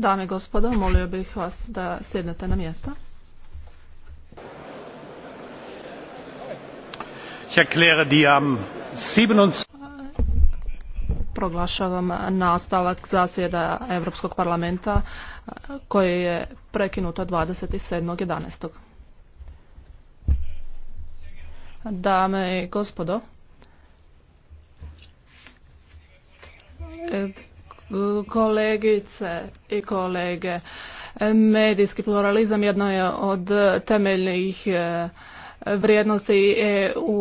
Dame i gospodo, molio bih vas da sjednete na mjesta. Proglašavam nastavak zasjeda Europskog parlamenta koje je prekinuto 27.11. Dame i gospodo, kolegice i kolege. Medijski pluralizam jedno je od temeljnih eh, vrijednosti EU